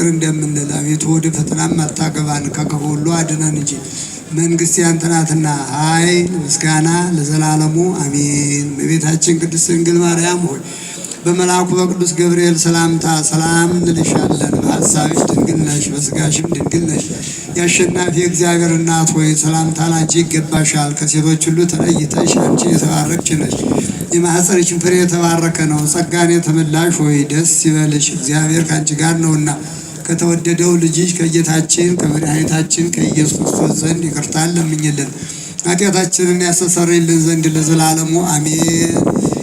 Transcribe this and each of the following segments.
ፍቅር እንደምንል አቤቱ ወደ ፈተናም አታገባን ከክፉ ሁሉ አድነን እንጂ መንግስት ያንተ ናትና ኃይል፣ ምስጋና ለዘላለሙ አሜን። በቤታችን ቅድስት ድንግል ማርያም ሆይ በመልአኩ በቅዱስ ገብርኤል ሰላምታ ሰላም እንልሻለን። በሀሳብሽ ድንግል ነሽ፣ በስጋሽም ድንግል ነሽ። የአሸናፊ እግዚአብሔር እናት ሆይ ሰላምታ ላንቺ ይገባሻል። ከሴቶች ሁሉ ተለይተሽ አንቺ የተባረክሽ ነሽ፣ የማኅፀንሽ ፍሬ የተባረከ ነው። ጸጋን የተመላሽ ሆይ ደስ ይበልሽ፣ እግዚአብሔር ከአንቺ ጋር ነውና ከተወደደው ልጅሽ ከጌታችን ከመድኃኒታችን ከኢየሱስ ክርስቶስ ዘንድ ይቅርታን ለምኝልን ኃጢአታችንን ያስተሰርይልን ዘንድ ለዘላለሙ አሜን።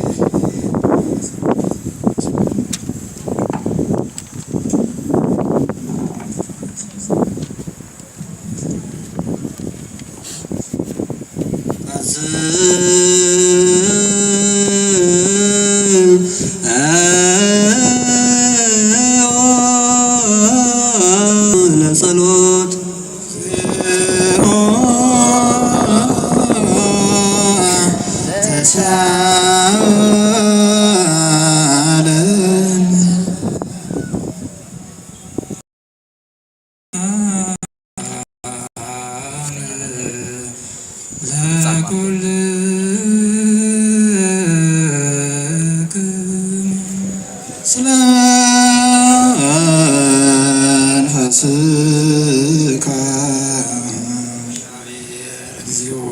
ለነፍስከ እግዚኦ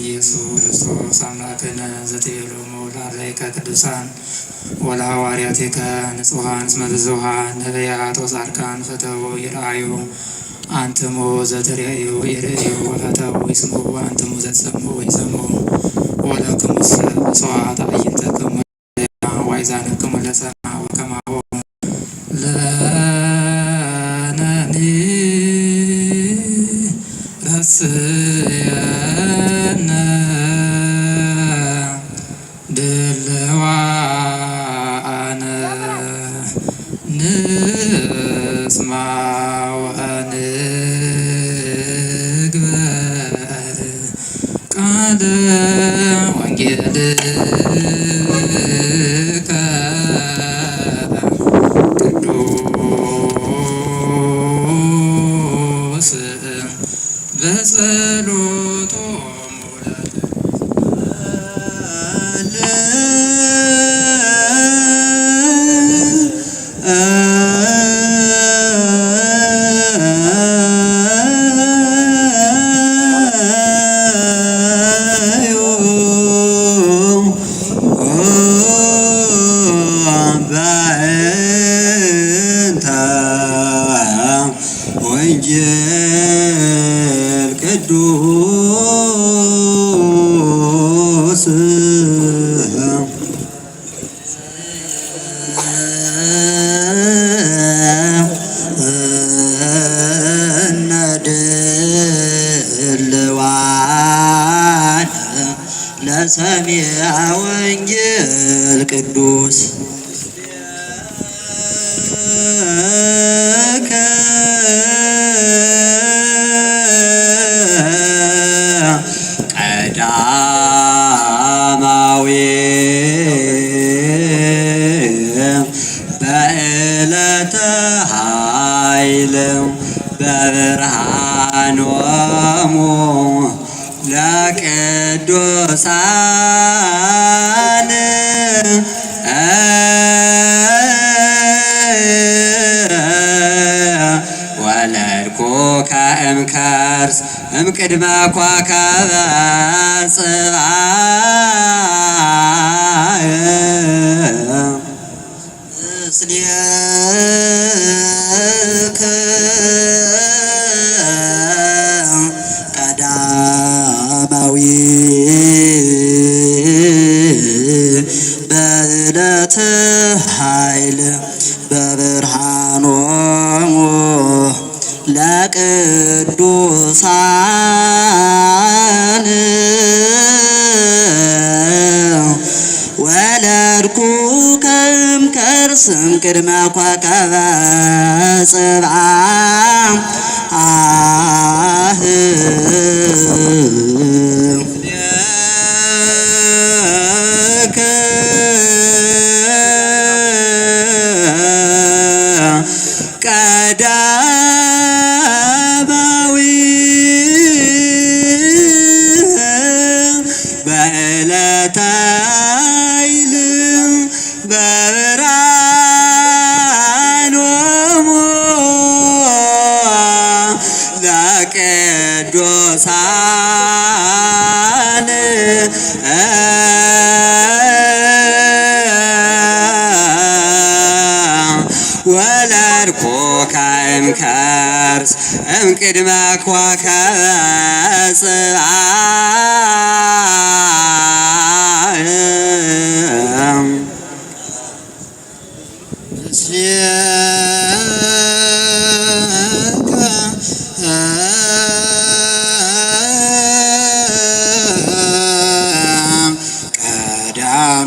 ኢየሱስ ክርስቶስ አምላክነ ዘትቤሎ መውላላይከ ቅዱሳን ወለሐዋርያቲከ ንጹሐን እስመ ዘዙሓን ነቢያት ወጻድቃን ፈተው ይርአዩ አንትሙ ዘትርእዩ ይርእዩ ወፈተው ይስምዑ አንትሙ ዘትሰምዑ ይሰምዑ ወለክሙሰ ብፅዋት አይንተ ንስማ ወንግበር ቃለ ወንጌልከ ቅድመ ኮከበ ጽባሕ ምስሌከ ቀዳማዊ በእለተ ኃይል በብርሃን ለቅዱሳን ወለድኩ ከእምከርስም ቅድመ ኮከበ ጽብዓ አህ 花开时，情更浓。阿达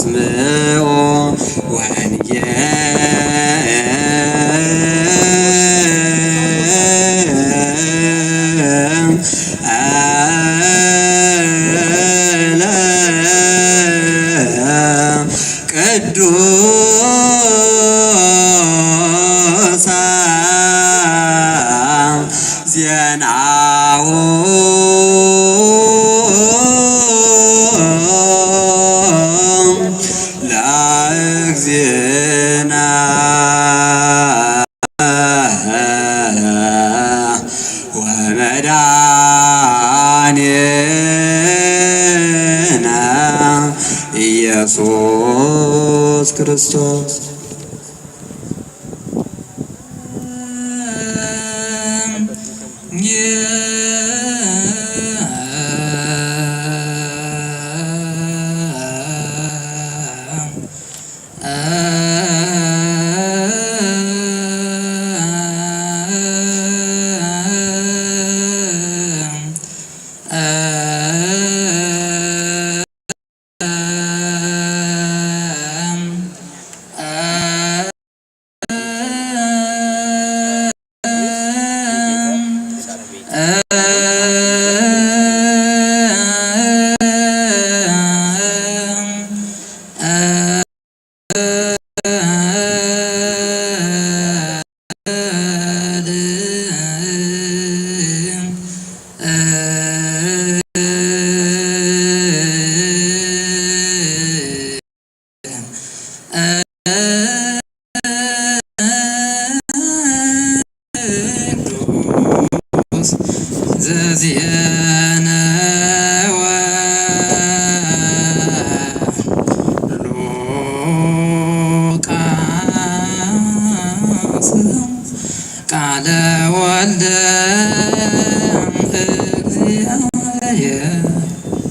አጽንኦ ኢየሱስ ክርስቶስ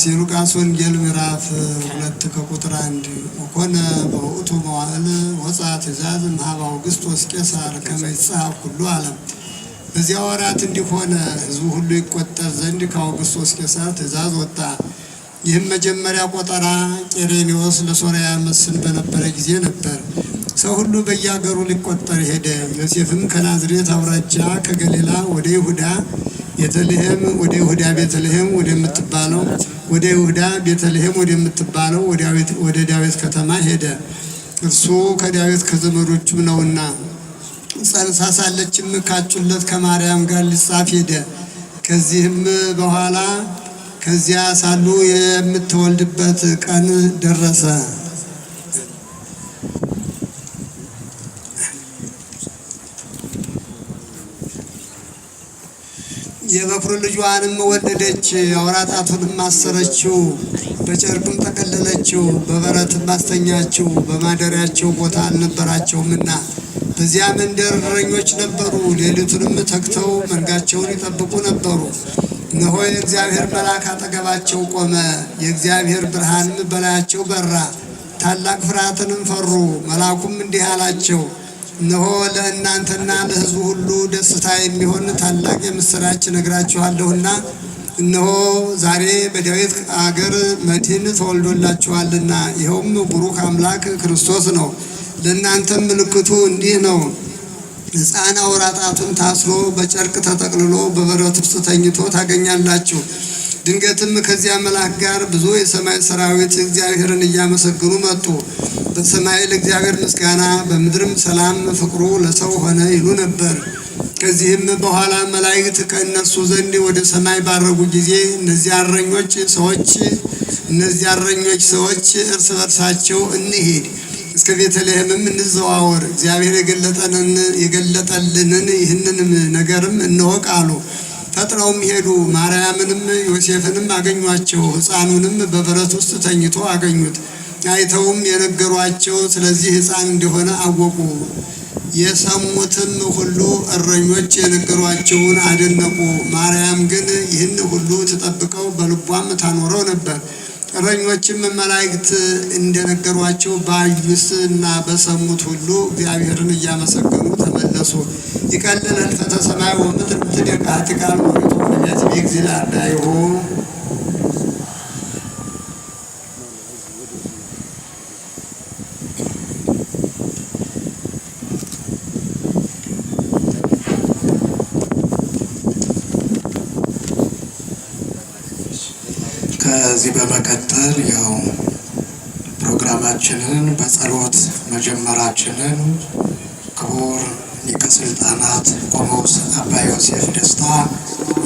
ቅዳሴ ሉቃስ ወንጌል ምዕራፍ ሁለት ከቁጥር አንድ ኮነ በውእቱ መዋዕል ወፅአ ትእዛዝ እምኀበ አውግስጦስ ቄሳር ከመ ይጻሐፍ ኩሉ ዓለም። በዚያ ወራት እንዲሆነ ሕዝቡ ሁሉ ይቆጠር ዘንድ ከአውግስጦስ ቄሳር ትእዛዝ ወጣ። ይህም መጀመሪያ ቆጠራ ቄሬኔዎስ ለሶርያ መስል በነበረ ጊዜ ነበር። ሰው ሁሉ በየአገሩ ሊቆጠር ሄደ። ዮሴፍም ከናዝሬት አውራጃ ከገሊላ ወደ ይሁዳ ቤተልሔም ወደ ይሁዳ ቤተልሔም ወደምትባለው ወደ ይሁዳ ቤተልሔም ወደምትባለው ወደ ዳዊት ከተማ ሄደ። እርሱ ከዳዊት ከዘመዶቹም ነውና ጸንሳ ሳለችም ካጩለት ከማርያም ጋር ሊጻፍ ሄደ። ከዚህም በኋላ ከዚያ ሳሉ የምትወልድበት ቀን ደረሰ። የበኩር ልጇንም ወደደች፣ አውራ ጣቱንም አሰረችው፣ በጨርቅም ጠቀለለችው፣ በበረትም አስተኛችው። በማደሪያቸው ቦታ አልነበራቸውምና በዚያ መንደር እረኞች ነበሩ፣ ሌሊቱንም ተግተው መንጋቸውን ይጠብቁ ነበሩ። እነሆ የእግዚአብሔር መልአክ አጠገባቸው ቆመ፣ የእግዚአብሔር ብርሃንም በላያቸው በራ፣ ታላቅ ፍርሃትንም ፈሩ። መልአኩም እንዲህ አላቸው እነሆ ለእናንተና ለሕዝቡ ሁሉ ደስታ የሚሆን ታላቅ የምስራች ነግራችኋለሁና እነሆ ዛሬ በዳዊት አገር መድኅን ተወልዶላችኋልና ይኸውም ቡሩክ አምላክ ክርስቶስ ነው። ለእናንተም ምልክቱ እንዲህ ነው። ሕፃን አውራ ጣቱን ታስሮ በጨርቅ ተጠቅልሎ በበረት ውስጥ ተኝቶ ታገኛላችሁ። ድንገትም ከዚያ መልአክ ጋር ብዙ የሰማይ ሰራዊት እግዚአብሔርን እያመሰግኑ መጡ። በሰማይ ለእግዚአብሔር ምስጋና፣ በምድርም ሰላም ፍቅሩ ለሰው ሆነ ይሉ ነበር። ከዚህም በኋላ መላእክት ከእነሱ ዘንድ ወደ ሰማይ ባረጉ ጊዜ እነዚያ አረኞች ሰዎች እነዚያ አረኞች ሰዎች እርስ በርሳቸው እንሄድ እስከ ቤተልሔምም እንዘዋወር እግዚአብሔር የገለጠንን የገለጠልንን ይህንንም ነገርም እንወቅ አሉ። ፈጥነውም ሄዱ። ማርያምንም ዮሴፍንም አገኟቸው። ሕፃኑንም በበረት ውስጥ ተኝቶ አገኙት። አይተውም የነገሯቸው ስለዚህ ሕፃን እንደሆነ አወቁ። የሰሙትም ሁሉ እረኞች የነገሯቸውን አደነቁ። ማርያም ግን ይህን ሁሉ ትጠብቀው በልቧም ታኖረው ነበር። እረኞችም መላእክት እንደነገሯቸው ባዩስ እና በሰሙት ሁሉ እግዚአብሔርን እያመሰገኑ ተመለሱ። ይቀልል ህልፈተ ሰማይ ወምድር እምትደቃ ትቃል ወይቱ ቤት ዚላ ከዚህ በመቀጠል ያው ፕሮግራማችንን በጸሎት መጀመራችንን ክቡር ሊቀ ሥልጣናት ቆሞስ አባ ዮሴፍ ደስታ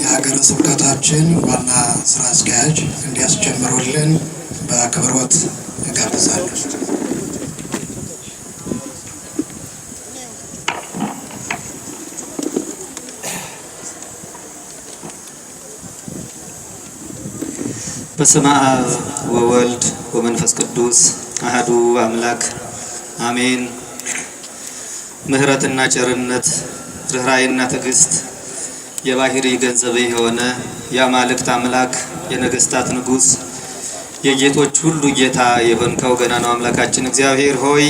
የሀገረ ስብከታችን ዋና ስራ አስኪያጅ እንዲያስጀምሩልን በአክብሮት እጋብዛለሁ። በስመ አብ ወወልድ ወመንፈስ ቅዱስ አህዱ አምላክ አሜን። ምህረትና ቸርነት ርኅራኄና ትዕግስት የባህሪ ገንዘብ የሆነ የአማልክት አምላክ የነገስታት ንጉስ የጌቶች ሁሉ ጌታ የሆንከው ነው አምላካችን እግዚአብሔር ሆይ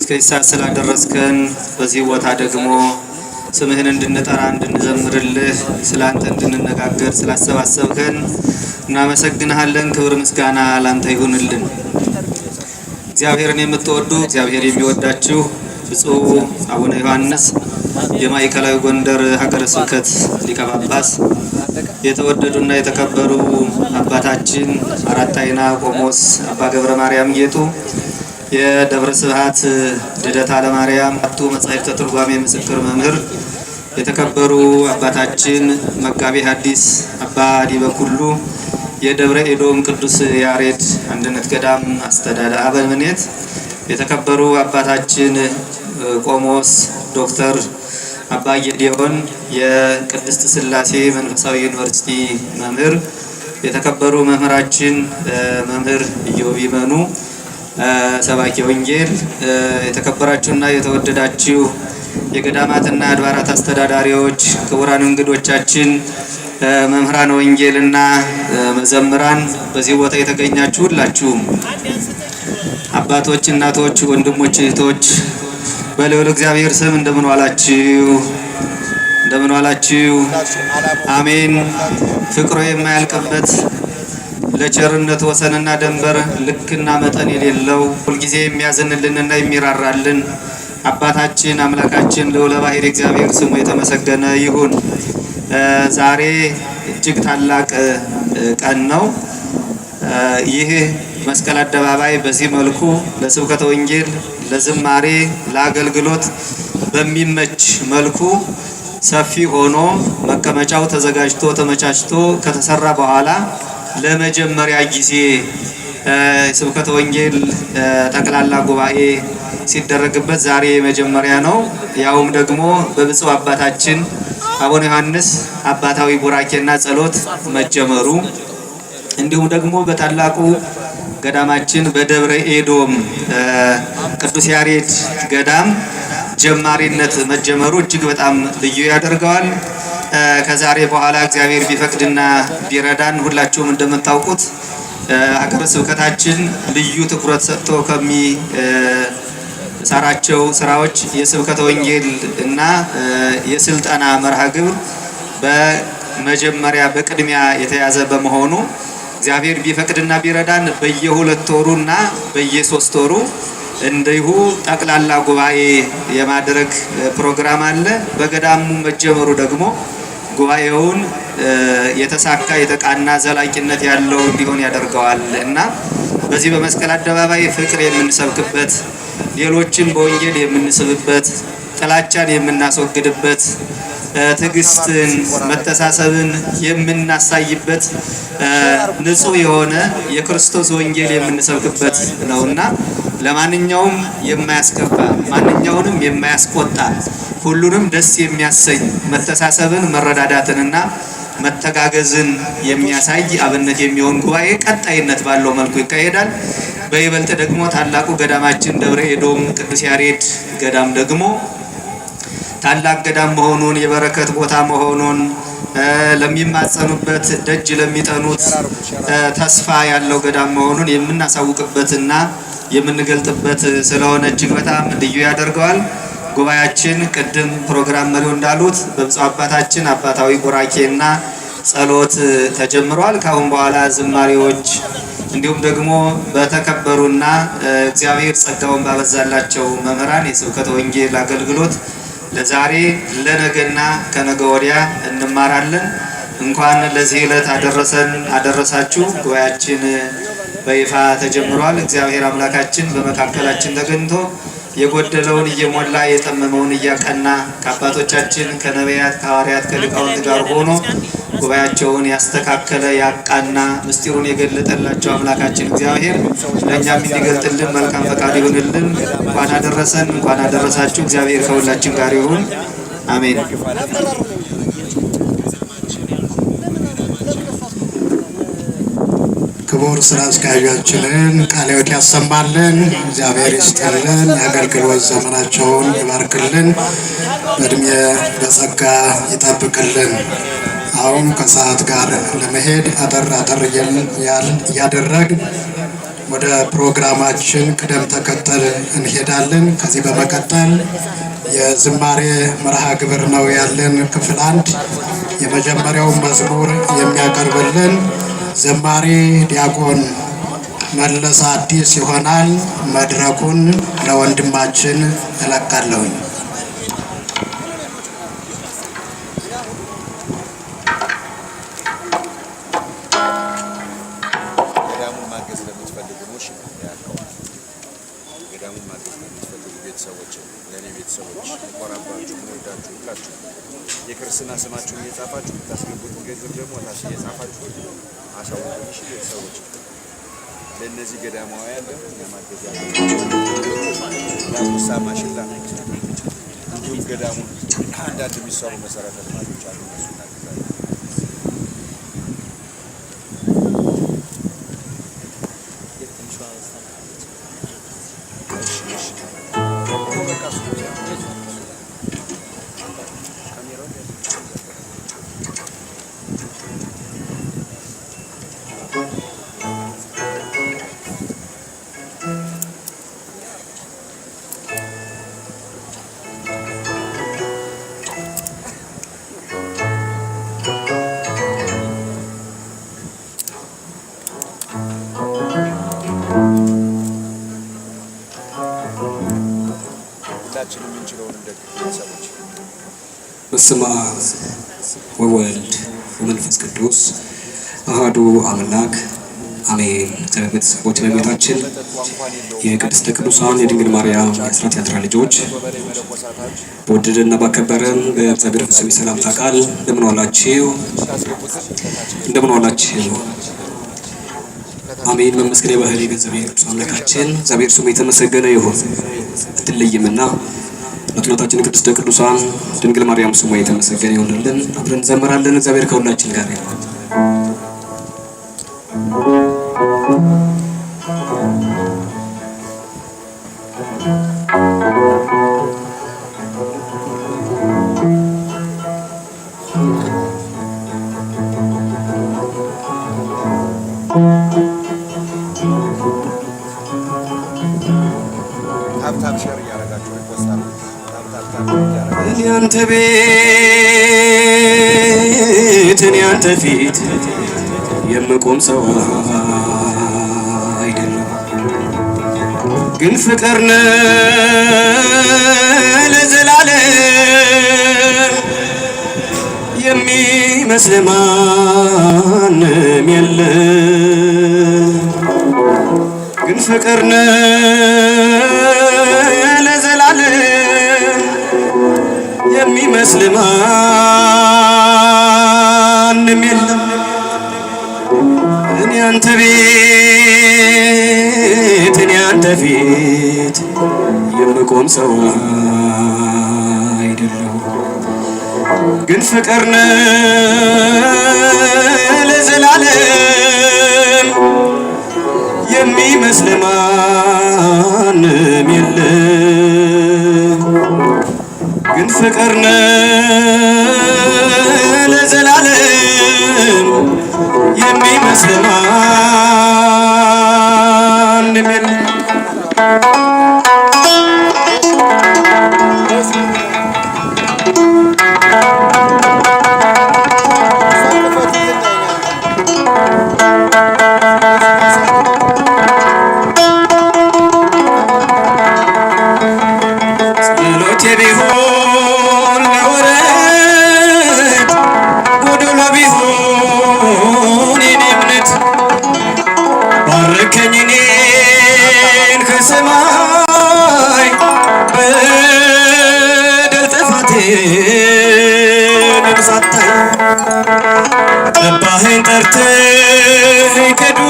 እስከዚህ ሰዓት ስላደረስከን በዚህ ቦታ ደግሞ ስምህን እንድንጠራ እንድንዘምርልህ፣ ስለ አንተ እንድንነጋገር ስላሰባሰብከን እናመሰግንሃለን። ክብር ምስጋና ላንተ ይሁንልን። እግዚአብሔርን የምትወዱ እግዚአብሔር የሚወዳችሁ ብፁዕ አቡነ ዮሐንስ የማዕከላዊ ጎንደር ሀገረ ስብከት ሊቀ ጳጳስ፣ የተወደዱና የተከበሩ አባታችን አራት አይና ቆሞስ አባ ገብረ ማርያም ጌጡ የደብረ ስብሐት ልደታ ለማርያም አቶ መጻሕፍተ ትርጓሜ ምስክር መምህር የተከበሩ አባታችን መጋቤ ሐዲስ አባ ዲበ ኩሉ የደብረ ኤዶም ቅዱስ ያሬድ አንድነት ገዳም አስተዳዳሪ አበምኔት የተከበሩ አባታችን ቆሞስ ዶክተር አባ ጌዲዮን የቅድስት ስላሴ መንፈሳዊ ዩኒቨርሲቲ መምህር የተከበሩ መምህራችን መምህር ኢዮብ ይመኑ ሰባኪ ወንጌል፣ የተከበራችሁና የተወደዳችሁ የገዳማትና አድባራት አስተዳዳሪዎች፣ ክቡራን እንግዶቻችን፣ መምህራን ወንጌልና መዘምራን፣ በዚህ ቦታ የተገኛችሁ ሁላችሁም አባቶች፣ እናቶች፣ ወንድሞች፣ እህቶች በልዑል እግዚአብሔር ስም እንደምን ዋላችሁ? እንደምን ዋላችሁ? አሜን። ፍቅሮ የማያልቅበት ለቸርነት ወሰንና ደንበር ልክና መጠን የሌለው ሁልጊዜ የሚያዝንልንና የሚራራልን አባታችን አምላካችን ልዑለ ባሕርይ እግዚአብሔር ስሙ የተመሰገነ ይሁን። ዛሬ እጅግ ታላቅ ቀን ነው። ይህ መስቀል አደባባይ በዚህ መልኩ ለስብከተ ወንጌል፣ ለዝማሬ፣ ለአገልግሎት በሚመች መልኩ ሰፊ ሆኖ መቀመጫው ተዘጋጅቶ ተመቻችቶ ከተሰራ በኋላ ለመጀመሪያ ጊዜ ስብከተ ወንጌል ጠቅላላ ጉባኤ ሲደረግበት ዛሬ መጀመሪያ ነው። ያውም ደግሞ በብፁዕ አባታችን አቡነ ዮሐንስ አባታዊ ቡራኬና ጸሎት መጀመሩ እንዲሁም ደግሞ በታላቁ ገዳማችን በደብረ ኤዶም ቅዱስ ያሬድ ገዳም ጀማሪነት መጀመሩ እጅግ በጣም ልዩ ያደርገዋል። ከዛሬ በኋላ እግዚአብሔር ቢፈቅድና ቢረዳን ሁላችሁም እንደምታውቁት ሀገረ ስብከታችን ልዩ ትኩረት ሰጥቶ ከሚሰራቸው ስራዎች የስብከተ ወንጌል እና የስልጠና መርሃ ግብር በመጀመሪያ በቅድሚያ የተያዘ በመሆኑ እግዚአብሔር ቢፈቅድና ቢረዳን በየሁለት ወሩ እና በየሶስት ወሩ እንዲሁ ጠቅላላ ጉባኤ የማድረግ ፕሮግራም አለ። በገዳሙ መጀመሩ ደግሞ ጉባኤውን የተሳካ የተቃና ዘላቂነት ያለው እንዲሆን ያደርገዋል እና በዚህ በመስቀል አደባባይ ፍቅር የምንሰብክበት፣ ሌሎችን በወንጌል የምንስብበት፣ ጥላቻን የምናስወግድበት ትዕግስትን፣ መተሳሰብን የምናሳይበት ንጹህ የሆነ የክርስቶስ ወንጌል የምንሰብክበት ነውና ለማንኛውም የማያስከፋ ማንኛውንም የማያስቆጣ ሁሉንም ደስ የሚያሰኝ መተሳሰብን፣ መረዳዳትንና መተጋገዝን የሚያሳይ አብነት የሚሆን ጉባኤ ቀጣይነት ባለው መልኩ ይካሄዳል። በይበልጥ ደግሞ ታላቁ ገዳማችን ደብረ ኤዶም ቅዱስ ያሬድ ገዳም ደግሞ ታላቅ ገዳም መሆኑን የበረከት ቦታ መሆኑን ለሚማጸኑበት ደጅ ለሚጠኑት ተስፋ ያለው ገዳም መሆኑን የምናሳውቅበትና የምንገልጥበት ስለሆነ እጅግ በጣም ልዩ ያደርገዋል። ጉባኤያችን ቅድም ፕሮግራም መሪው እንዳሉት በብፁዕ አባታችን አባታዊ ቡራኬና ጸሎት ተጀምሯል። ካሁን በኋላ ዝማሬዎች እንዲሁም ደግሞ በተከበሩና እግዚአብሔር ጸጋውን ባበዛላቸው መምህራን የስብከተ ወንጌል አገልግሎት ለዛሬ ለነገና ከነገ ወዲያ እንማራለን። እንኳን ለዚህ ዕለት አደረሰን አደረሳችሁ። ጉባኤያችን በይፋ ተጀምሯል። እግዚአብሔር አምላካችን በመካከላችን ተገኝቶ የጎደለውን እየሞላ የጠመመውን እያቀና ከአባቶቻችን ከነቢያት ከሐዋርያት ከሊቃውንት ጋር ሆኖ ጉባኤያቸውን ያስተካከለ ያቃና ምስጢሩን የገለጠላቸው አምላካችን እግዚአብሔር ለእኛም የሚገልጥልን መልካም ፈቃድ ይሆንልን እንኳን አደረሰን፣ እንኳን አደረሳችሁ። እግዚአብሔር ከሁላችን ጋር ይሁን። አሜን። ክቡር ስራ አስኪያጃችንን ቃለ ሕይወት ያሰማልን። እግዚአብሔር ይስጥልን። የአገልግሎት ዘመናቸውን ይባርክልን። በእድሜ በጸጋ ይጠብቅልን። አሁን ከሰዓት ጋር ለመሄድ አጠር አጠር እያደረግን ወደ ፕሮግራማችን ቅደም ተከተል እንሄዳለን። ከዚህ በመቀጠል የዝማሬ መርሃ ግብር ነው ያለን። ክፍል አንድ የመጀመሪያው መዝሙር የሚያቀርብልን ዘማሪ ዲያቆን መለስ አዲስ ይሆናል። መድረኩን ለወንድማችን እለቃለሁኝ። Mnezi Geremoendo ዳጉሳማ ሽላ እንዲሁም ገዳሙ አንዳንድ የሚሰሩ መሰረተ ልማቶች አሉ። እነሱ እናግዛለን። Thank you. ሁላችን የምንችለውን እንደግፍ ሰዎች። በስመ አብ ወወልድ ወመንፈስ ቅዱስ አሐዱ አምላክ አሜን። ቤተሰቦች በቤታችን የቅድስተ ቅዱሳን የድንግል ማርያም የአስራት ያጥራ ልጆች በወደደና ባከበረን በእግዚአብሔር ፍጹም ሰላምታ ቃል እንደምን ዋላችሁ? እንደምን ዋላችሁ? አሜን። መመስገን የባህል የገንዘብ ቅዱስ አምላካችን እግዚአብሔር ስሙ የተመሰገነ ይሁን። አትለይምና እናታችን ቅድስተ ቅዱሳን ድንግል ማርያም ስሙ የተመሰገነ ይሁንልን። አብረን እንዘምራለን። እግዚአብሔር ከሁላችን ጋር ይሁን። Thank you. ፊት የምቆም ሰው አይደለም። ግን ፍቅርን ለዘላለም የሚመስል ማንም የለም። ግን ፍቅርን ለዘላለም የሚመስል ማንም የለም እኔ አንተ ቤት እኔ አንተ ፊት የምቆም ሰው አይደለም፣ ግን ፍቅርነ ለዘላለም የሚመስል ማንም የለም፣ ግን ፍቅርነ ለዘላለም የሚመስል